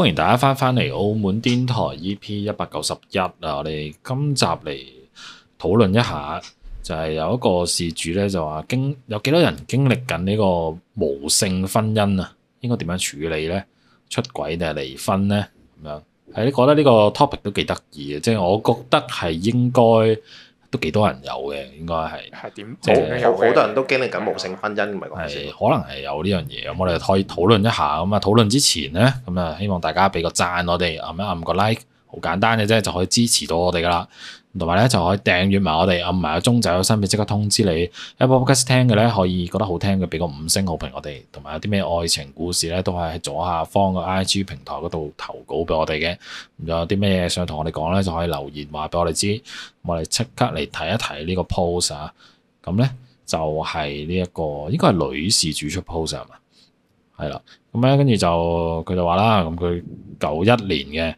歡迎大家翻返嚟澳門癲台 EP 一百九十一啊！我哋今集嚟討論一下，就係、是、有一個事主咧就話經有幾多人經歷緊呢個無性婚姻啊？應該點樣處理呢？出軌定係離婚呢？咁樣係你覺得呢個 topic 都幾得意嘅，即係我覺得係應該。都幾多人有嘅，應該係係點？是好，好多人都經歷緊無性婚姻，唔係講咩？係可能係有呢樣嘢，咁我哋可以討論一下。咁啊，討論之前咧，咁啊，希望大家俾個讚，我哋按一按個 like，好簡單嘅啫，就可以支持到我哋㗎喇。同埋咧就可以訂閱埋我哋，按埋個鐘仔，有新片即刻通知你。Apple Podcast 聽嘅咧，可以覺得好聽嘅俾個五星好評我哋。同埋有啲咩愛情故事咧，都係喺左下方個 IG 平台嗰度投稿俾我哋嘅。咁仲有啲咩嘢想同我哋講咧，就可以留言話俾我哋知。我哋即刻嚟睇一睇呢個 post 啊。咁咧就係呢一個應該係女士主出 post 啊嘛？係啦。咁咧跟住就佢就話啦，咁佢九一年嘅。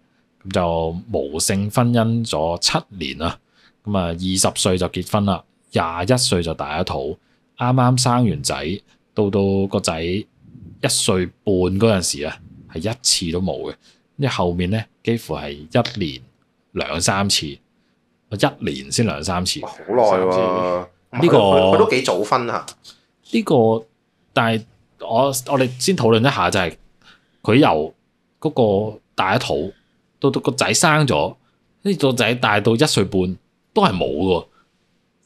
就無性婚姻咗七年啦，咁啊二十歲就結婚啦，廿一歲就大咗肚，啱啱生完仔，到到個仔一歲半嗰陣時呢，係一次都冇嘅，即係後面咧幾乎係一年兩三次，一年先兩三次，好耐喎。呢個佢都幾早婚啊，呢個，但係我我哋先討論一下就係佢由嗰個大咗肚。到到個仔生咗，跟住個仔大到一歲半都係冇嘅。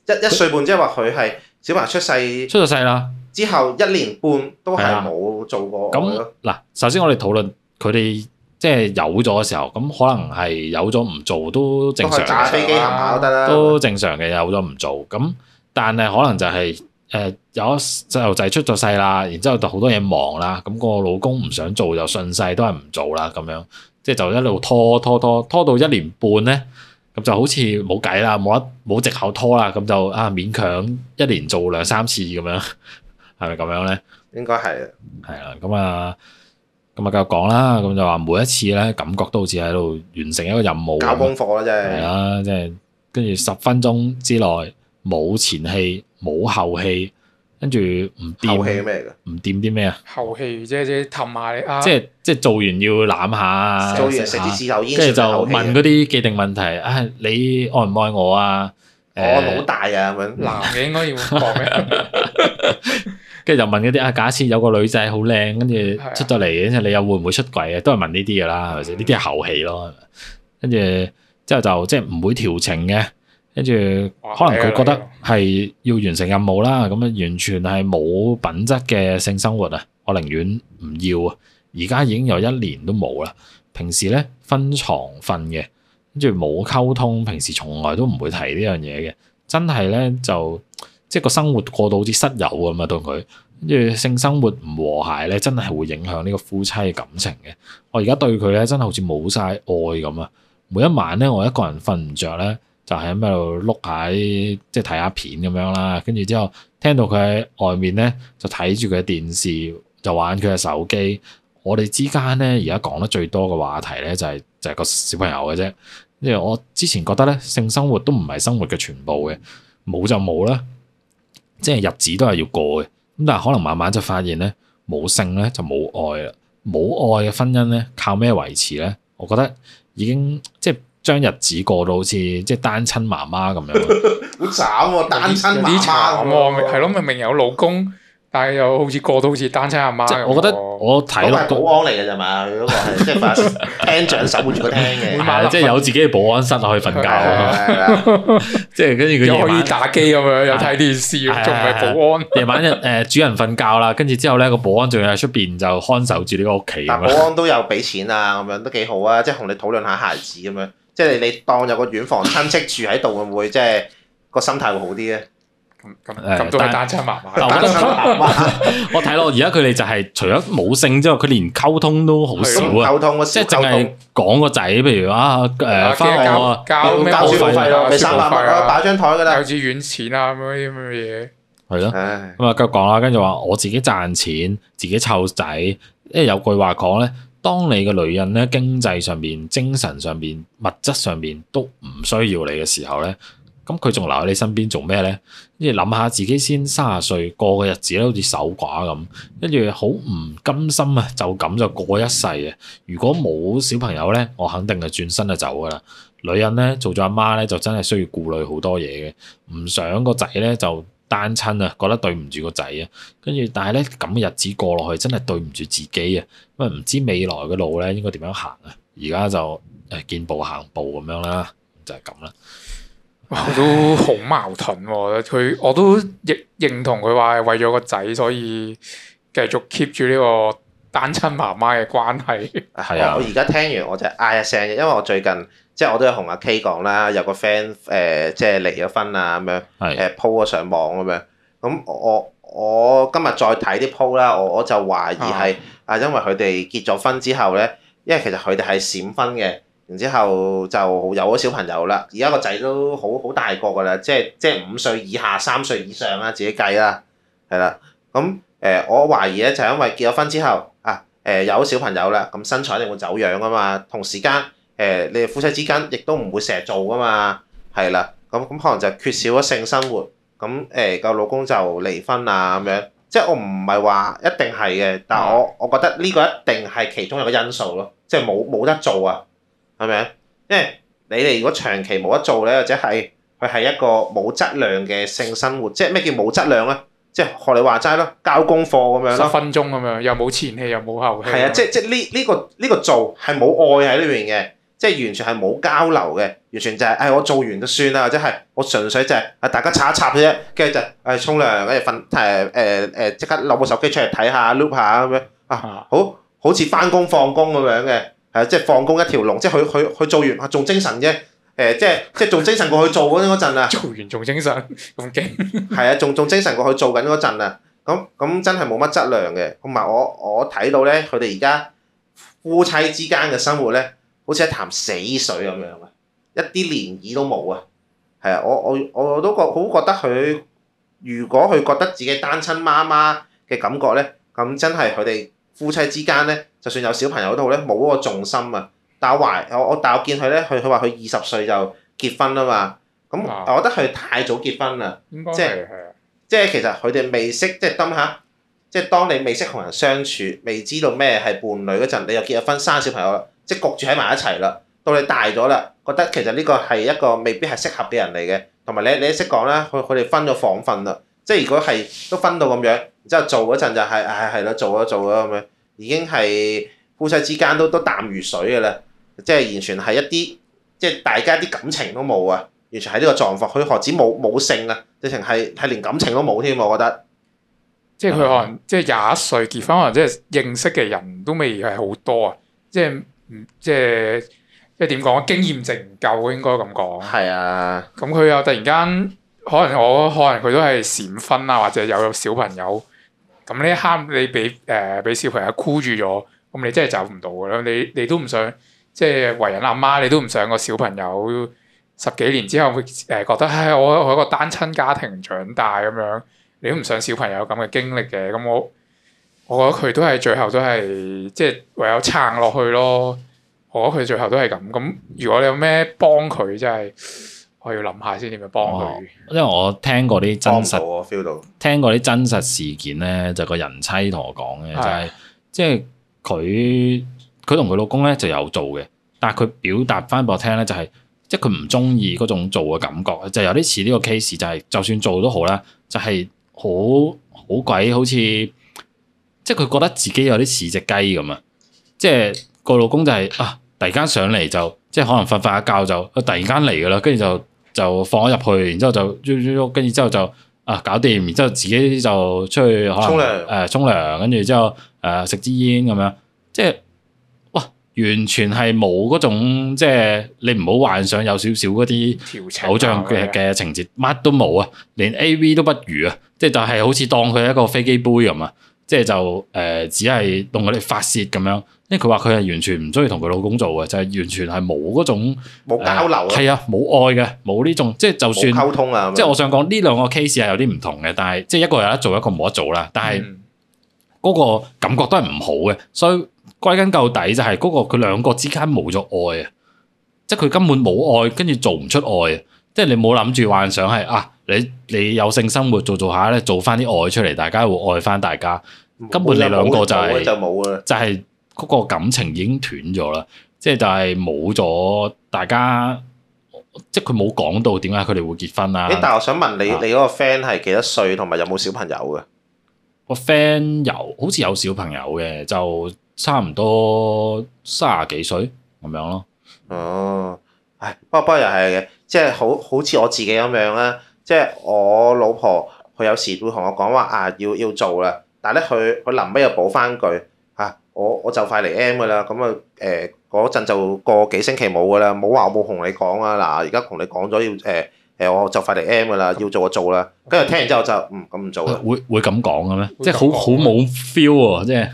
一一歲半即係話佢係小朋友出，出咗世出咗世啦，之後一年半都係冇做過。咁嗱、嗯，首先我哋討論佢哋即係有咗嘅時候，咁可能係有咗唔做都正，都，打都正常。可以打飛機行下都得啦，都正常嘅有咗唔做。咁但係可能就係、是、誒、呃、有細路仔出咗世啦，然之後就好多嘢忙啦。咁、咁個老公唔想做就順勢都係唔做啦，咁樣。即係就一路拖拖拖拖到一年半咧，咁就好似冇計啦，冇一冇借口拖啦，咁就啊勉強一年做兩三次咁樣，係咪咁樣咧？應該係係啦，咁啊咁啊繼續講啦。咁就話每一次咧，感覺都好似喺度完成一個任務搞功課啦，即係係啦，即係跟住十分鐘之內冇前戲冇後戲。跟住唔掂咩嘅？唔掂啲咩啊？後戲即係即係氹埋你啊！即係即係做完要攬下，做完食支事後煙。跟住就問嗰啲既定問題啊！你愛唔愛我啊？我老大啊！男嘅應該要當咩？跟住就問嗰啲啊！假設有個女仔好靚，跟住出咗嚟，跟住你又會唔會出軌啊？都係問呢啲噶啦，係咪先？呢啲係後戲咯。跟住之後就即係唔會調情嘅。跟住可能佢覺得係要完成任務啦，咁樣完全係冇品質嘅性生活啊！我寧願唔要啊！而家已經有一年都冇啦。平時咧分床瞓嘅，跟住冇溝通，平時從來都唔會提呢樣嘢嘅。真係咧就即係個生活過到好似室友咁啊，對佢跟住性生活唔和諧咧，真係會影響呢個夫妻嘅感情嘅。我而家對佢咧真係好似冇晒愛咁啊！每一晚咧我一個人瞓唔着咧。就係喺度碌下即係睇下片咁樣啦。跟住之後聽到佢喺外面咧，就睇住佢嘅電視，就玩佢嘅手機。我哋之間咧，而家講得最多嘅話題咧，就係就係個小朋友嘅啫。因為我之前覺得咧，性生活都唔係生活嘅全部嘅，冇就冇啦，即係日子都係要過嘅。咁但係可能慢慢就發現咧，冇性咧就冇愛啦。冇愛嘅婚姻咧，靠咩維持咧？我覺得已經即係。將日子過到好似即係單，親，親, 單親，親媽媽咁樣，好慘喎、啊！單親啲慘喎，係咯，明明有老公，但係又好似過到好似單親阿媽。我覺得我睇咯，保安嚟嘅啫嘛，佢嗰個係即係把廳長守護住個廳嘅，即係有自己嘅保安室落去瞓覺，即係跟住佢可以打機咁樣，又睇電視，仲係保安。夜晚誒主人瞓覺啦，跟住之後咧個保安仲要喺出邊就看守住呢個屋企。保安都有俾錢啊，咁樣都幾好啊，即係同你討論下孩子咁樣。即係你當有個遠房親戚住喺度，會、就、唔、是、會即係個心態會好啲咧？咁咁誒，都、嗯、係、就是、 單親媽媽。 我睇落而家佢哋就係除咗冇性之外，佢連溝通都好少啊！溝通。即係就係講個仔，譬如啊誒交交咩消費咯？收飯啊，打張台嗰啲幼稚園錢啊，咁嗰啲咁嘅嘢。係咯， 咁啊繼續講啦。跟住話我自己賺錢，自己湊仔。因為有句話講咧。當你嘅女人咧經濟上面、精神上面、物質上面都唔需要你嘅時候咧，咁佢仲留喺你身邊做咩咧？跟住諗下自己先，三十歲過嘅日子咧，好似守寡咁，跟住好唔甘心啊！就咁就過一世啊！如果冇小朋友咧，我肯定係轉身就走噶啦。女人咧做咗阿媽咧，就真係需要顧慮好多嘢嘅，唔想個仔咧就。單親啊，覺得對唔住個仔啊，跟住但係咧，咁日子過落去，真係對唔住自己啊，咁啊唔知未來嘅路咧應該點樣行啊？而家就誒見步行步咁樣啦，啊，就係咁啦。我都好矛盾，啊，佢 我都認同佢話係為咗個仔，所以繼續 keep 住呢個單親媽媽嘅關係。係 啊，我而家聽完我就嗌唉成日，因為我最近。即係我都有同阿 K 講啦，有個 friend 誒、呃、即係離咗婚啊咁樣，誒 po 咗上網咁樣。咁我我今日再睇啲 po 啦，我我就懷疑係啊，因為佢哋結咗婚之後咧，因為其實佢哋係閃婚嘅，然之後就有咗小朋友啦。而家個仔都好好大個噶啦，即係即係五歲以下、三歲以上啦，自己計啦，係啦。咁誒、呃，我懷疑咧就因為結咗婚之後啊，誒、呃、有咗小朋友啦，咁身材一定會走樣噶嘛，同時間。誒，你哋夫妻之間亦都唔會成日做噶嘛，係啦，咁咁可能就缺少咗性生活，咁誒個老公就離婚啊咁樣，即係我唔係話一定係嘅，但係我我覺得呢個一定係其中一個因素咯，即係冇冇得做啊，係咪啊？因為你哋如果長期冇得做咧，或者係佢係一個冇質量嘅性生活，即係咩叫冇質量咧？即係學你話齋咯，交功課咁樣咯，分鐘咁樣又冇前戲又冇後戲，係啊，即係即係呢呢個呢、這個這個做係冇愛喺呢邊嘅。即係完全係冇交流嘅，完全就係、是、誒、哎、我做完都算啦，或者係我純粹就係、是、誒大家插一插啫，跟住就誒沖涼跟住瞓誒誒即刻攞部手機出嚟睇下 loop 下咁樣啊，好好似翻工放工咁樣嘅，係啊，即係放工一條龍，即係佢佢佢做完仲、啊、精神啫。誒、呃、即係即係仲精神過去做嗰陣啊，做完仲精神咁勁，係啊，仲仲精神過去做緊嗰陣啊，咁咁、啊啊、真係冇乜質量嘅，同埋我我睇到咧，佢哋而家夫妻之間嘅生活咧。 好似一潭死水咁樣嘅，一啲漣漪都冇啊！係啊，我我我都覺好覺得佢，如果佢覺得自己單親媽媽嘅感覺咧，咁真係佢哋夫妻之間咧，就算有小朋友都好咧，冇嗰個重心啊！但我懷我我但我見佢咧，佢佢話佢二十歲就結婚啦嘛，咁我覺得佢太早結婚啦，應該係。即係即係其實佢哋未識即係咁下，即係當，當你未識同人相處，未知道咩係伴侶嗰陣，你又結咗婚生小朋友啦。即焗住喺埋一齊啦，到你大咗啦，覺得其實呢個係一個未必係適合嘅人嚟嘅，同埋你你都識講啦，佢佢哋分咗房瞓啦，即係如果係都分到咁樣，然之後做嗰陣就係係係咯，做咗做咗咁樣，已經係夫妻之間都都淡如水嘅啦，即係完全係一啲即係大家啲感情都冇啊，完全係呢個狀況。佢何止冇冇性啊，直情係係連感情都冇添，我覺得。即係佢可能、嗯、即係廿一歲結婚，或者即係認識嘅人都未係好多啊，即係。即係即係點講？經驗值唔夠應該咁講。係啊。咁佢又突然間，可能我可能佢都係閃婚啊，或者有個小朋友。咁呢一刻你俾誒俾小朋友箍住咗，咁你真係走唔到㗎啦！你你都唔想，即係為人阿媽，你都唔想個小朋友十幾年之後會誒覺得，嗨、哎、我我一個單親家庭長大咁樣，你都唔想小朋友咁嘅經歷嘅。咁我。我覺得佢都係最後都係即係唯有撐落去咯。我覺得佢最後都係咁咁。如果你有咩幫佢，真係我要諗下先點樣幫佢，哦。因為我聽過啲真實，feel 到聽過啲真實事件咧，就個、是、人妻同我講嘅的就係、是、即係佢佢同佢老公咧就有做嘅，但係佢表達翻俾我聽咧就係即係佢唔中意嗰種做嘅感覺，就是、有啲似呢個 case 就係就算做都好啦，就係、是、好好鬼好似。即係佢覺得自己有啲似隻雞咁啊！即係個老公就係、是、啊，突然間上嚟就即係可能瞓瞓一覺就突然間嚟噶啦，跟住就就放咗入去，然之後就喐喐喐，跟住之後就啊搞掂，然之後，後，後，後自己就出去可能誒沖涼，跟住之後誒食支煙咁樣。即係哇，完全係冇嗰種即係你唔好幻想有少少嗰啲偶像劇嘅情節，乜都冇啊，連 A V 都不如啊！即係就係好似當佢係一個飛機杯咁啊！即係就誒、呃，只係同佢哋發泄咁樣。因為佢話佢係完全唔中意同佢老公做嘅，就係、是、完全係冇嗰種冇交流、啊呃，係啊，冇愛嘅，冇呢種即係就算冇溝通啊即個個。即係我想講呢兩個 case 係有啲唔同嘅，但係即係一個有得做，一個冇得做啦。但係嗰個感覺都係唔好嘅，所以歸根究底就係嗰、那個佢兩個之間冇咗愛啊，即係佢根本冇愛，跟住做唔出愛啊。即係你冇諗住幻想係啊！你你有性生活做做下咧，做翻啲愛出嚟，大家會愛翻大家。會根本你兩個就係就冇啦，就係嗰個感情已經斷咗啦。即係就係冇咗大家，即係佢冇講到點解佢哋會結婚啦、啊。但我想問你，你嗰個 friend 係幾多歲，同埋有冇小朋友嘅？個 friend 有，好似有小朋友嘅、啊，就差唔多三廿幾歲咁樣咯。哦、嗯，係不過不過又係嘅。即係好好似我自己咁樣啦，即係我老婆佢有時會同我講話啊，要要做啦，但係咧佢佢臨尾又補翻句啊，我我就快嚟 M 嘅啦，咁啊誒嗰陣就過幾星期冇嘅啦，冇話我冇同你講啊，嗱而家同你講咗要誒誒，我就快嚟 M 嘅啦，要做就做啦，跟住聽完之後就唔咁唔做啦。會會咁講嘅咩？即係好好冇 feel 喎，即係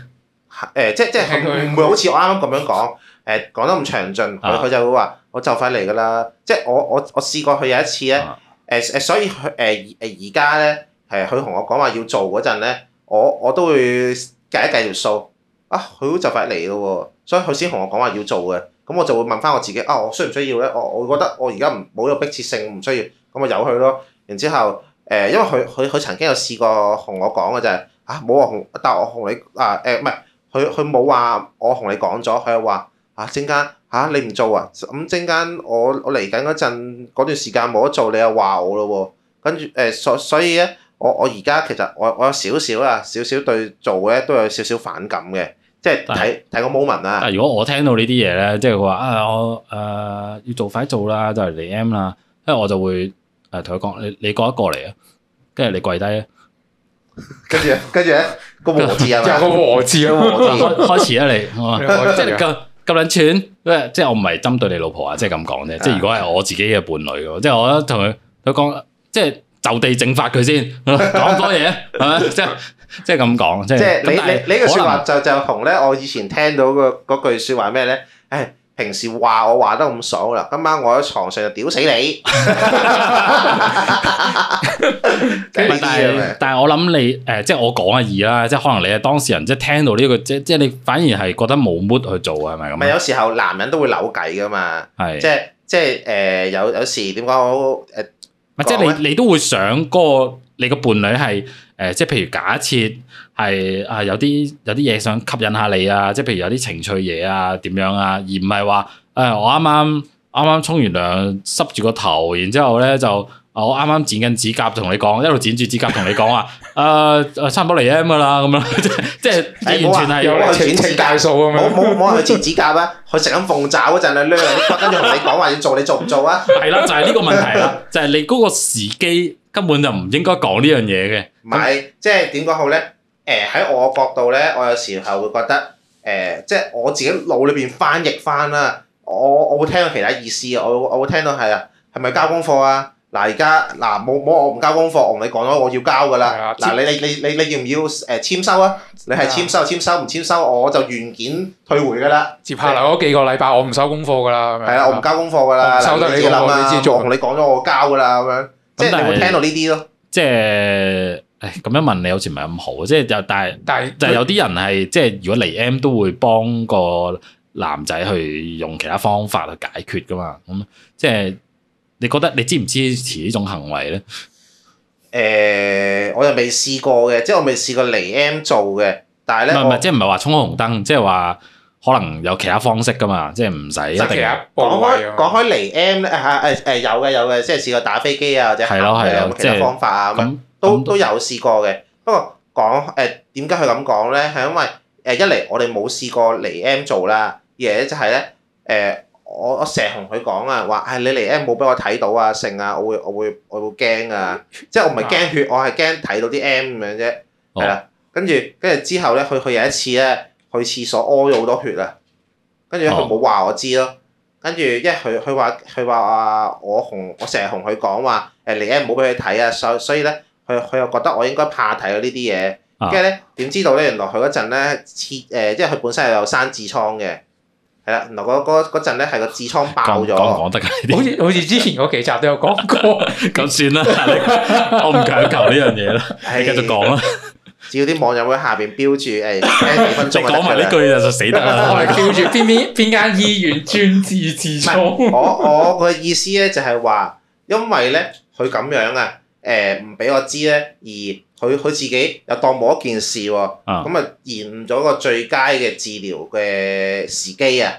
誒即即係唔會好似我啱啱咁樣講誒講得咁詳盡，佢佢就會話。我就快嚟㗎啦，即係我我我試過佢有一次咧，誒、呃、誒，所以佢誒誒而家咧，誒佢同我講話要做嗰陣咧，我我都會計一計條數，啊，佢都就快嚟咯喎，所以佢先同我講話要做嘅，咁我就會問翻我自己，啊，我需唔需要咧？我我覺得我而家唔冇咗迫切性，唔需要，咁咪由佢咯。然之後誒、呃，因為佢佢佢曾經有試過同我講嘅就係，啊，冇話同，但係我同你啊誒唔係，佢佢冇話我同你講咗，佢就話啊陣間。嚇！你唔做啊？咁陣間，我我嚟緊嗰陣嗰段時間冇得做，你又話我咯喎。跟住誒，所所以咧，我我而家其實我我有少少啦，少少對做咧都有少少反感嘅，即係睇睇個 moment 啊。如果我聽到呢啲嘢咧，即係佢話啊，我誒要做快做啦，就嚟 M 啦，因為我就會誒同佢講，你你過一過嚟啊，跟住你跪低啊，跟住跟住咧個和字啊，有個和字啊，就開始啊你即係夾夾兩寸。即係即係我唔係針對你老婆啊、就是，即係咁講啫。即係如果係我自己嘅伴侶嘅、啊，即係我同佢佢講，即係就地正法佢先，講多嘢係咪？即係即係咁講，即係。即係但 你你呢個說話就就同咧，我以前聽到個嗰句說話咩咧？誒、哎。平時話我話得咁爽啦，今晚我喺床上就屌死你。但係但係我諗你誒，即係我講阿二啦，即係可能你係當事人，即係聽到呢個，即係即係你反而係覺得冇 mood 去做，係咪咁？咪有時候男人都會扭計㗎嘛，係即係即係誒，有有時點講誒？即係你你都會想嗰個你個伴侶係。誒，即係譬如假設係啊，有啲有啲嘢想吸引下你啊，即係譬如有啲情趣嘢啊，點樣啊，而唔係話誒，我啱啱啱啱沖完涼，濕住個頭，然之後咧就我啱啱剪緊指甲，同你講一路剪住指甲同你講話，誒差唔多嚟 M 噶啦，咁樣即係即係完全係完全大數咁樣，冇冇冇去剪指甲啊？去食緊鳳爪嗰陣啊，撩，跟住同你講話要做，你做唔做啊？係啦，就係呢個問題啦，就係你嗰個時機根本就唔應該講呢樣嘢嘅。唔係，即係點講好咧？誒、呃、喺我角度咧，我有時候會覺得誒、呃，即係我自己腦裏邊翻譯返啦。我我會聽到其他意思，我我會聽到係啊，係咪交功課啊？嗱而家嗱冇冇我唔交功課，我同你講咗我要交㗎喇。嗱、啊啊、你你你你你，你要唔要誒、呃、簽收啊？你係簽收簽收唔簽收，簽收我就原件退回㗎喇。接下來嗱嗰幾個禮拜我唔收功課㗎喇，係啊，我唔交功課㗎喇。啊、收得你嘅諗啊！我同你講咗我交㗎喇咁樣，即係你會聽到呢啲咯。即係。 咁樣問你好似唔係咁好，即係他就但係就係有啲人係即係如果嚟 M 都會幫個男仔去用其他方法去解決噶嘛，咁即係你覺得你支唔支持呢種行為咧？誒、欸，我又未試過嘅，即、就、係、是、我未試過嚟 M 做嘅，但係咧唔係即係唔係話衝紅燈，即係話可能有其他方式噶嘛，即係唔使一定講開講開嚟 M 咧、啊，誒、啊、有嘅有嘅，即係試過打飛機啊，或者係咯係咯，有冇其他方法啊咁？都都有試過嘅，不過講誒點解佢咁講咧？係因為誒一嚟我哋冇試過嚟 M 做啦，二嚟就係咧誒我我成日同佢講啊，話誒你嚟 M 冇俾我睇到啊剩啊，我會我會我會驚啊，即係我唔係驚血，我係驚睇到啲 M 咁樣啫。係啦，跟住跟住之後咧，佢佢有一次咧去廁所屙咗好多血啊，跟住咧佢冇話我知咯，跟住因為佢佢話佢話啊，我同我成日同佢講話誒嚟 M 冇俾佢睇啊，所所以咧。佢佢又覺得我應該怕睇呢啲嘢，跟住咧點知道咧？原來佢嗰陣咧切誒，即係佢本身又有生痔瘡嘅，係啦。原來嗰陣咧係個痔瘡爆咗，講得好似好似之前嗰幾集都有講過，咁 算啦， 我唔強求呢樣嘢啦。係 繼續講啦，只要啲網友喺下邊標住誒，再講埋呢句就死得啦。標住邊邊邊間醫院專治痔瘡？ 我我嘅意思咧就係話，因為咧佢咁樣啊。誒唔俾我知咧，而佢佢自己又當冇一件事喎，咁啊延誤咗個最佳嘅治療嘅時機、嗯、時啊，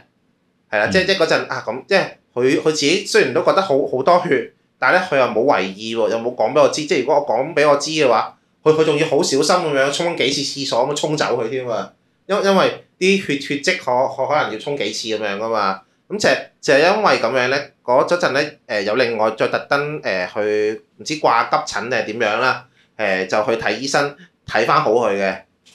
係啦，即即嗰陣啊咁，即係佢佢自己雖然都覺得好好多血，但係咧佢又冇遺意喎，又冇講俾我知，即係如果我講俾我知嘅話，佢佢仲要好小心咁樣沖幾次廁所咁樣沖走佢添啊，因為因為啲血血跡可，可可能要沖幾次咁樣噶嘛。咁、嗯、其實就就係因為咁樣咧，嗰陣咧誒有另外再特登誒去唔知掛急診定係點樣啦，誒、呃、就去睇醫生，睇翻好佢嘅，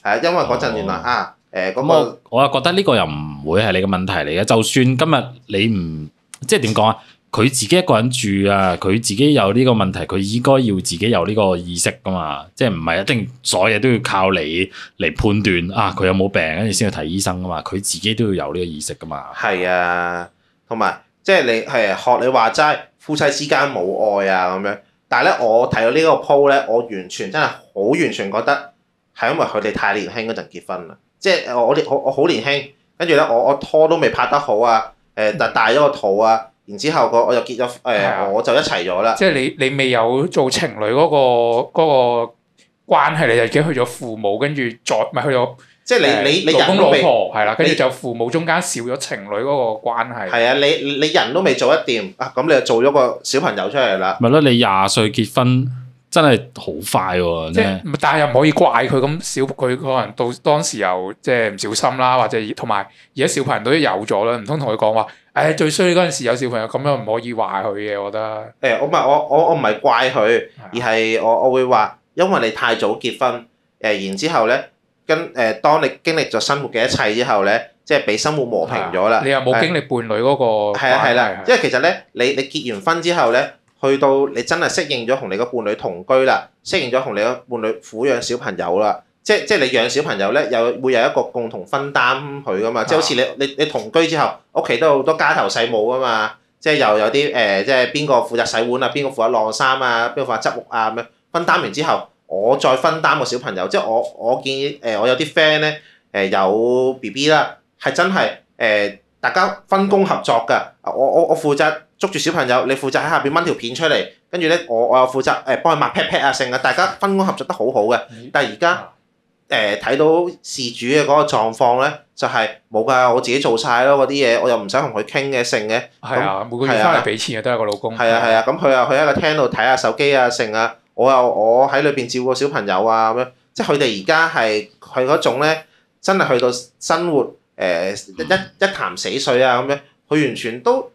係啊，因為嗰陣原來、哦、啊誒嗰、呃嗰個嗯、我我啊覺得呢個又唔會係你嘅問題嚟嘅，就算今日你唔即係點講啊？佢自己一個人住啊！佢自己有呢個問題，佢應該要自己有呢個意識噶嘛，即係唔係一定所有嘢都要靠你嚟判斷啊！佢有冇病跟住先去睇醫生噶嘛？佢自己都要有呢個意識噶嘛？係啊，同埋即係你係學你話齋，夫妻之間冇愛啊咁樣。但係咧，我睇到呢個鋪咧，我完全真係好完全覺得係因為佢哋太年輕嗰陣結婚啦。即係我我我好年輕，跟住咧我我拖都未拍得好啊！誒、呃，但大咗個肚啊！然之後，個我就結咗誒，我就一齊咗啦。即係你你未有做情侶嗰個嗰個關係，你就已經去咗父母，跟住再唔係去咗，即係、啊、你你你老公老婆係啦，跟住就父母中間少咗情侶嗰個關係。係啊，你你人都未做得掂啊，咁你就做咗個小朋友出嚟啦。咪咯，你廿歲結婚真係好快喎、啊！即係，但係又唔可以怪佢咁，小佢可能到當時又即係唔小心啦，或者同埋而家小朋友都有咗啦，唔通同佢講話？係、哎、最衰嗰陣時有小朋友咁樣，唔可以怪佢嘅，我覺得。誒、欸、我唔係我我我唔係怪佢，嗯、而係我我會話，因為你太早結婚，誒、呃、然之後咧，跟誒、呃、當你經歷咗生活嘅一切之後咧，即係俾生活磨平咗啦、啊。你又冇經歷伴侶嗰個。係係啦，啊啊啊、因為其實咧，你你結完婚之後咧，去到你真係適應咗同你個伴侶同居啦，適應咗同你個伴侶撫養小朋友啦。即係即係你養小朋友咧，有會有一個共同分擔佢噶嘛。啊、即係好似你你你同居之後，屋企都好多家頭細務啊嘛。即係又有啲誒、呃，即係邊個負責洗碗啊？邊個負責晾衫啊？邊個負責執屋啊？咁樣分擔完之後，我再分擔個小朋友。即係我我見誒、呃，我有啲 friend 咧誒有 B B 啦，係真係誒大家分工合作㗎。我我我負責捉住小朋友，你負責喺下邊掹條片出嚟，跟住咧我我又負責誒幫佢抹 pat pat 啊剩啊，大家分工合作，啊、工合作得好好嘅。但係而家。誒睇到事主嘅嗰個狀況咧，就係冇㗎，我自己做晒咯嗰啲嘢，我又唔使同佢傾嘅成嘅。係啊，每個月翻嚟俾錢嘅、啊、都係個老公。係啊係啊，咁佢又去一個廳度睇下手機啊成啊，我又我喺裏邊照顧小朋友啊咁樣，即係佢哋而家係佢嗰種咧，真係去到生活誒一一一潭死水啊咁樣，佢完全都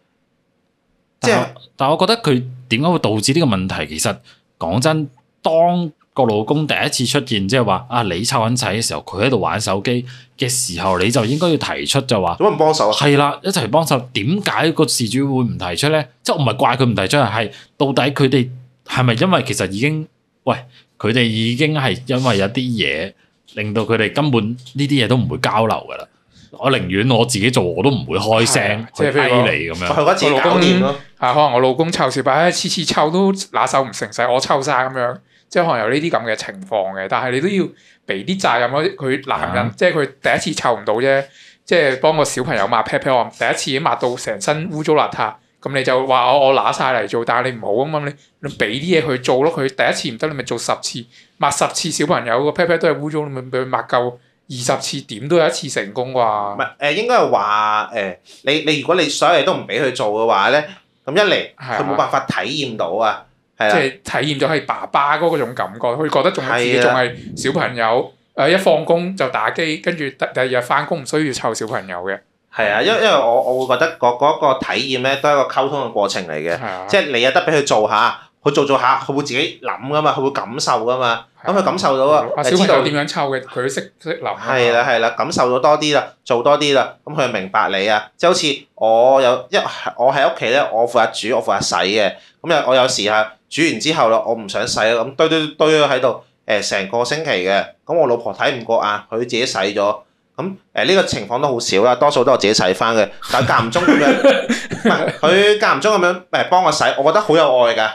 即係。但係我覺得佢點解會導致呢個問題？其實講真，當個老公第一次出現，即係話啊，你湊緊仔嘅時候，佢喺度玩手機嘅時候，你就應該要提出就話，做乜唔幫手啊？係啦，一齊幫手。點解個事主會唔提出咧？即係我唔係怪佢唔提出，係到底佢哋係咪因為其實已經喂佢哋已經係因為有啲嘢令到佢哋根本呢啲嘢都唔會交流㗎啦。我寧願我自己做，我都唔會開聲，即係譬如你咁樣，我老公啊，可能我老公湊小朋友次次湊都拿手唔成世，我湊晒咁樣。即可能有呢啲咁嘅情況嘅，但係你都要俾啲責任佢男人、嗯、即係佢第一次湊唔到啫，即係幫個小朋友抹 pat p 第一次已經抹到成身污糟邋遢，咁你就話我我揦曬嚟做，但係你唔好咁樣，你你俾啲嘢佢做咯。佢第一次唔得，你咪做十次抹十次小朋友個 pat p 都係污糟，你咪俾佢抹夠二十次，點都有一次成功啩、啊？唔係誒，應該係話誒，你你如果你所有嘢都唔俾佢做嘅話咧，咁一嚟佢冇辦法體驗到啊。啊、即係體驗咗係爸爸嗰種感覺，佢覺得自己仲係小朋友，誒、啊、一放工就打機，跟住第二日翻工唔需要湊小朋友嘅。係啊，因因為我我會覺得嗰嗰個體驗咧都係一個溝通嘅過程嚟嘅，啊、即係你有得俾佢做下。佢做做下，佢會自己諗噶嘛，佢會感受噶嘛。咁佢的感受到啊，你知道點樣湊嘅？佢識識諗。係啦係啦，感受到多啲啦，做多啲啦。咁佢就明白你啊。即係好似我有一，我喺屋企咧，我負責煮，我負責洗嘅。咁又我有時啊，煮完之後咯，我唔想洗啊，咁堆堆堆喺度。誒、欸，成個星期嘅。咁我老婆睇唔過眼，佢自己洗咗。咁誒呢個情況都好少啦，多數都我自己洗翻嘅。但係間唔中咁樣，唔係佢間唔中咁樣誒幫我洗，我覺得好有愛㗎。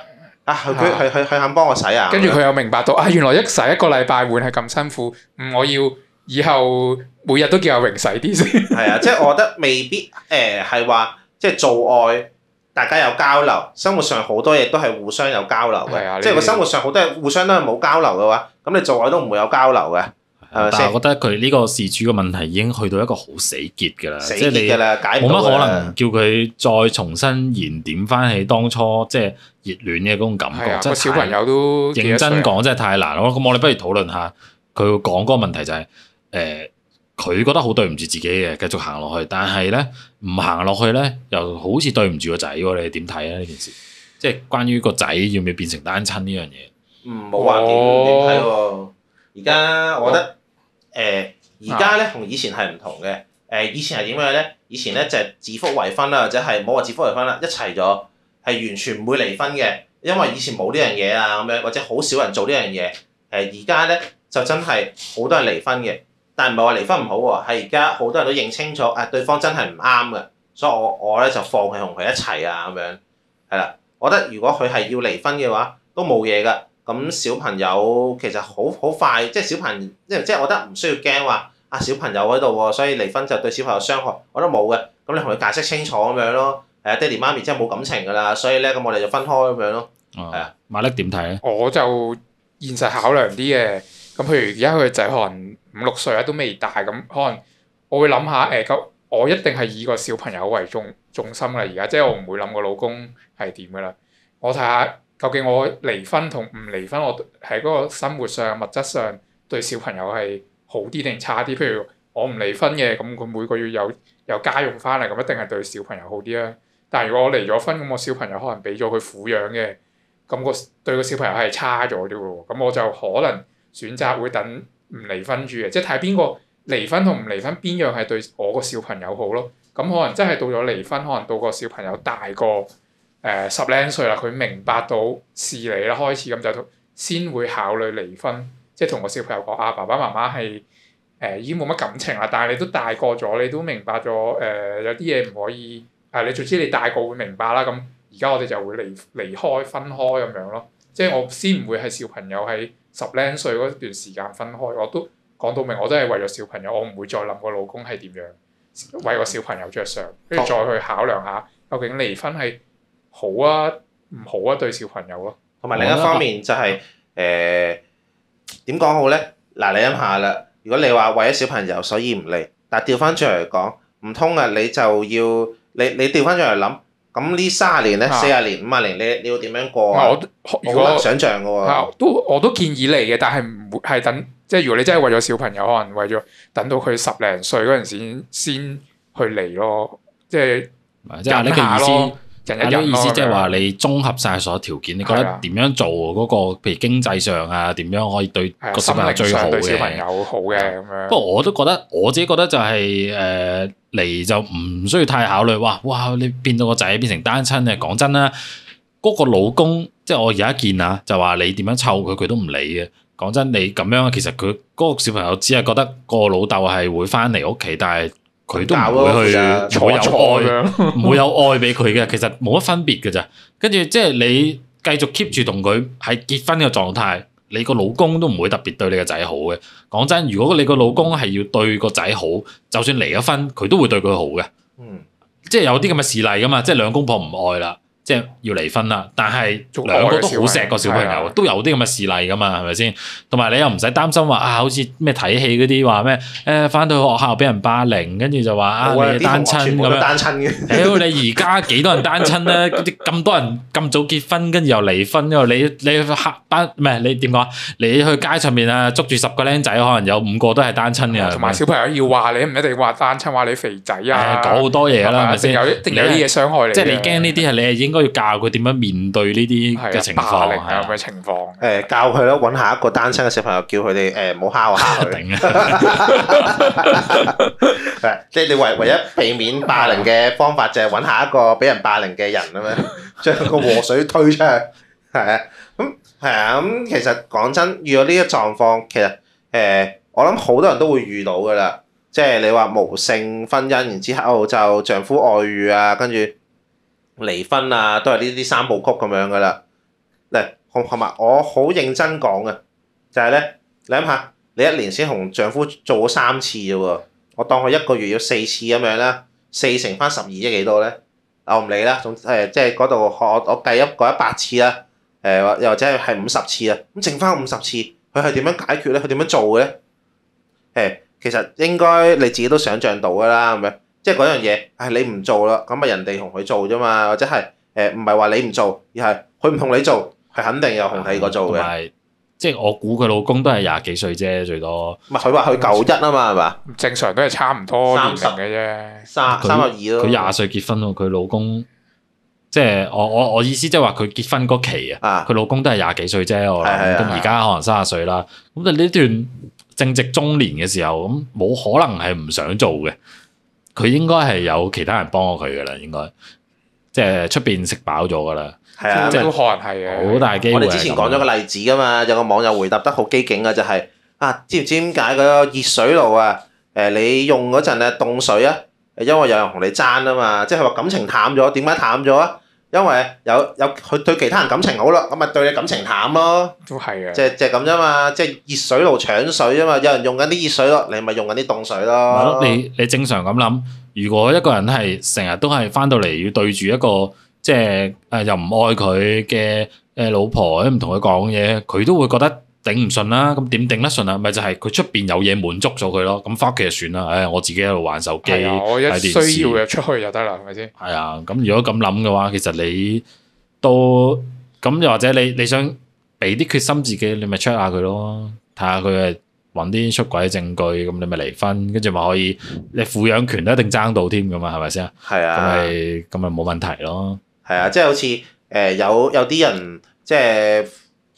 啊！佢係係肯幫我洗啊！跟住佢又明白到啊，原來一洗一個禮拜換係咁辛苦。嗯，我要以後每日都叫阿榮洗啲先。係啊，即係我覺得未必誒係話，即係做愛，大家有交流，生活上好多嘢都係互相有交流嘅。即係個生活上好多嘢互相都係冇交流嘅話，咁你做愛都唔會有交流嘅。但係我覺得佢呢個事主嘅問題已經去到一個好死結㗎啦，即係你冇乜可能叫佢再重新燃點翻起當初即係熱戀嘅嗰種感覺。即係的小朋友都認真講，真係太難咯。咁我哋不如討論下佢講嗰個問題就係、是、誒，佢、呃、覺得好對唔住自己嘅，繼續行落去。但係咧唔行落去咧，又好似對唔住個仔喎。你點睇啊？呢件事即係關於個仔要唔要變成單親呢樣嘢？唔冇話點點睇喎。而家、哦、我覺得、哦。誒而家咧同以前係唔同嘅，誒以前係點樣咧？以前咧就係、指腹為婚啦，或者係冇話指腹為婚啦，一齊咗係完全唔會離婚嘅，因為以前冇呢樣嘢啊咁樣，或者好少人做、呃、呢樣嘢。誒而家咧就真係好多人離婚嘅，但唔係話離婚唔好喎，係而家好多人都認清楚，啊對方真係唔啱嘅，所以我我咧就放棄同佢一齊啊咁樣，係啦，我覺得如果佢係要離婚嘅話，都冇嘢㗎。咁小朋友其實好好快，即係小朋友，即係即係，我覺得唔需要驚話啊小朋友喺度喎，所以離婚就對小朋友傷害，我都冇嘅。咁你同佢解釋清楚咁樣咯。誒、啊，爹哋媽咪真係冇感情噶啦，所以咧咁我哋就分開咁樣咯。係啊、哦，馬力點睇咧？呢我就現實考量啲嘅。咁譬如而家佢個仔可能五六歲啊，都未大咁，可能我會諗下誒，咁、欸、我一定係以個小朋友為重重心啦。而家即係我唔會諗個老公係點噶啦。我睇下。究竟我離婚同唔離婚，我喺嗰個生活上、物質上對小朋友係好啲定差啲？譬如我唔離婚嘅，咁佢每個月有有家用翻嚟，咁一定係對小朋友好啲啦。但係如果我離咗婚，咁我小朋友可能俾咗佢撫養嘅，咁個對個小朋友係差咗啲喎。咁我就可能選擇會等唔離婚住嘅，即係睇邊個離婚同唔離婚邊樣係對我個小朋友好咯。咁可能真係到咗離婚，可能到個小朋友大個。誒、呃、十零歲啦，佢明白到事理啦，開始咁就先會考慮離婚，即同個小朋友講啊，爸爸媽媽係誒、呃、已經冇乜感情啦，但係你都大個咗，你都明白咗誒、呃、有啲嘢唔可以啊、呃，你總之你大個會明白啦，咁而家我哋就會離離開分開咁樣咯，即我先唔會係小朋友喺十零歲嗰段時間分開，我都講到明，我都係為咗小朋友，我唔會再諗個老公係點樣，為個小朋友着想，跟住再去考量下究竟離婚係。好啊，唔好啊，對小朋友咯、啊。同埋另一方面就係誒，點講好咧？嗱，你諗下啦。如果你話為咗小朋友所以唔嚟，但係調翻轉嚟講，唔通啊？你就要你你調翻轉嚟諗，咁呢三十年咧、四十、啊、年、五十年，你你要點樣過啊？啊我如果我想象嘅喎、啊啊。都我都建議嚟嘅，但係唔會係等即係如果你真係為咗小朋友，可能為咗等到佢十零歲嗰陣時先，先去嚟咯，即係忍一下咯。啲、啊、意思即係話你綜合晒所有條件，的你覺得點樣做嗰個，譬如經濟上啊，點樣可以對個小朋友最好嘅，心靈上對小朋友好嘅咁樣。不過我都覺得我自己覺得就係誒嚟就唔需要太考慮。哇哇，你變到個仔變成單親咧，講真啦，嗰個老公即係我而家見啊，就話你點樣湊佢，佢都唔理嘅。講真，你咁樣其實佢嗰個小朋友只係覺得個老豆係會返嚟屋企，但係。佢都唔會去，冇有，有愛，冇 有愛俾佢嘅，其實冇乜分別嘅咋。跟住即係你繼續 keep 住同佢喺結婚嘅狀態，你個老公都唔會特別對你個仔好嘅。講真，如果你個老公係要對個仔好，就算離咗婚，佢都會對佢好嘅。嗯，即係有啲咁嘅事例噶嘛，即係兩公婆唔愛啦。即係要離婚啦，但係兩個都好錫個小朋友，都有啲咁嘅事例㗎嘛，係咪先？同埋你又唔使擔心話啊，好似咩睇戲嗰啲話咩誒，翻到學校俾人霸凌，跟住就話啊你單親咁樣。單親嘅。屌你而家幾多人單親咧？啲咁多人咁早結婚，跟住又離婚，因為你你去班唔係你點講？你去街上面啊，捉住十個僆仔，可能有五個都係單親嘅。同埋小朋友要話你唔一定話單親，話你肥仔啊，講好多嘢啦，係咪先？有啲嘢傷害你。即係你驚呢啲係你係應該。都要教佢點樣面對呢啲嘅情況，係咩、啊、情況？誒、欸，教佢咯，揾下一個單親嘅小朋友叫，叫佢哋誒唔好蝦啊！頂啊！係，即係你唯唯一避免霸凌嘅方法，就係、是、揾下一個俾人霸凌嘅人啊？咩？將個禍水推出去係啊？咁係啊？咁、嗯、其實講真，遇到呢一狀況，其實誒、呃，我諗好多人都會遇到噶啦。即、就、係、是、你話無性婚姻，然，後然後之後就丈夫外遇啊，跟住。離婚啊，都係呢啲三部曲咁樣噶啦。嗱，同埋我好認真講嘅，就係、是、呢。你諗下，你一年先同丈夫做咗三次啫喎，我當佢一個月要四次咁樣啦，四乘翻十二係幾多呢？我唔理啦，總誒即係嗰度我我計一個一百次啦，又、呃、或者係五十次啊，咁剩翻五十次，佢係點樣解決呢？佢點樣做嘅呢？其實應該你自己都想像到噶啦，咁樣。即係嗰樣嘢，係、哎、你唔做啦，咁咪人哋同佢做啫嘛，或者係誒唔係話你唔做，而係佢唔同你做，係肯定又同第二個做嘅。即係我估佢老公都係廿幾歲啫，最多。唔係佢話佢九一啊嘛，係嘛十？吧正常都係差唔多年齡嘅啫。三十三十二咯，佢廿歲結婚喎，佢老公，即係我我我意思即係話佢結婚嗰期啊，佢老公都係廿幾歲啫，我諗。跟住而家可能三十歲啦，咁但呢段正值中年嘅時候，咁冇可能係唔想做嘅。佢應該係有其他人幫過佢噶啦，應該面、啊、即係出邊食飽咗噶啦，即係好大機會。我哋之前講咗個例子噶嘛，有個網友回答得好機警啊，就係啊知唔知點解嗰個熱水爐啊？誒你用嗰陣啊凍水啊，因為有人同你爭啊嘛，即係話感情淡咗，點解淡咗啊？因為有有佢對其他人感情好咯，咁咪對你感情淡咯。都係啊！即係即係咁啫嘛，即係熱水爐搶水啊嘛，有人用緊啲熱水咯，你咪用緊啲凍水咯。係咯，你你正常咁諗，如果一個人係成日都係翻到嚟要對住一個即係誒又唔愛佢嘅誒老婆，唔同佢講嘢，佢都會覺得。頂唔順啦，咁點頂得順啊？咪就係佢出邊有嘢滿足咗佢咯，咁翻屋企就算啦。唉、哎，我自己喺度玩手機睇電視，需要嘅出去就得啦，係咪先？係啊，咁如果咁諗嘅話，其實你都咁，又或者你你想俾啲決心自己，你咪 check 下佢咯，睇下佢啊，揾啲出軌嘅證據，咁你咪離婚，跟住咪可以，你撫養權都一定爭到添，咁啊，係咪先？係啊，咁咪咁咪冇問題咯。係啊，即係好似誒，有有啲人即係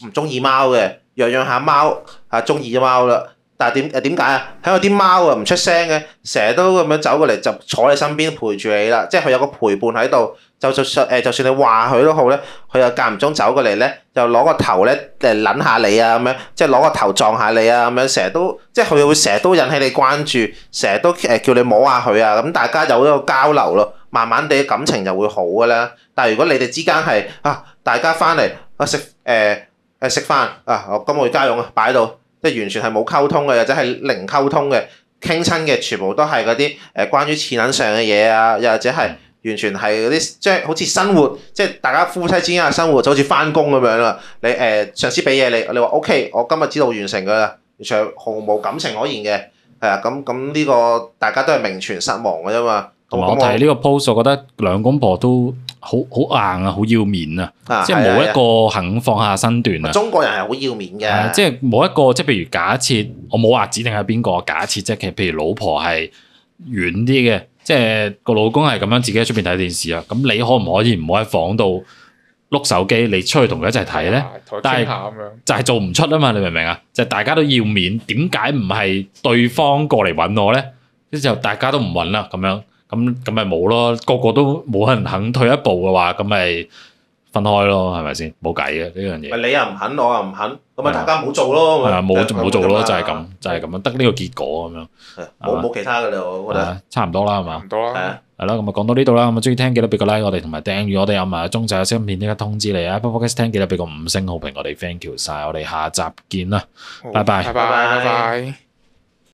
唔中意貓嘅。養養下貓，嚇中意咗貓啦。但係點誒點解啊？喺我啲貓啊唔出聲嘅，成日都咁樣走過嚟就坐你身邊陪住你啦。即係佢有個陪伴喺度，就就誒就算你話佢都好咧，佢又間唔中走過嚟咧，就攞個頭咧嚟撚下你啊咁樣，即係攞個頭撞下你啊咁樣，成日都即係佢會成日都引起你關注，成日都誒叫你摸下佢啊咁，大家有個交流咯，慢慢地感情就會好噶啦。但係如果你哋之間係啊，大家翻嚟啊食誒。誒食飯啊！今我今日家用啊，擺到即係完全係冇溝通嘅，或者係零溝通嘅，傾親嘅全部都係嗰啲誒關於錢銀上嘅嘢啊，又或者係完全係嗰啲即係好似生活，即係大家夫妻之間嘅生活，就好似翻工咁樣啊！你誒、呃、上司俾嘢你，你話 OK，我今日知道完成㗎啦，完全毫無感情可言嘅，係啊，咁咁呢個大家都係名存實亡㗎啫嘛。同埋我睇呢個 post 我覺得兩公婆都。好好硬啊，好要面啊，啊即係冇一個肯放下身段啊。啊中國人係好要面嘅，即係冇一個即係，譬如假設我冇話指定係邊個，假設即係譬如老婆係遠啲嘅，即係個老公係咁樣自己喺出邊睇電視啊。咁你可唔可以唔好喺房度碌手機，你出去同佢一齊睇咧？的但係就係做唔出啊嘛，你明唔明啊？就係，大家都要面，點解唔係對方過嚟揾我咧？之後大家都唔揾啦，咁樣。咁咁咪冇咯，個個都冇人肯退一步嘅話，咁咪分開咯，係咪先？冇計嘅呢樣嘢。你又唔肯，我又唔肯，咁咪大家唔好做咯。冇就冇做咯，就係咁，就係咁樣，得呢個結果咁樣，冇冇其他噶啦，我覺得。差唔多啦，係嘛？唔多啦。係啊。係咯，咁啊，講到呢度啦。咁啊，鍾意聽記得俾個 like，我哋同埋訂閱我哋有埋中就有新片，依家通知你啊。Podcast 聽記得俾個五星好評，我哋 thank you 晒，我哋下集見啦，拜拜。拜拜。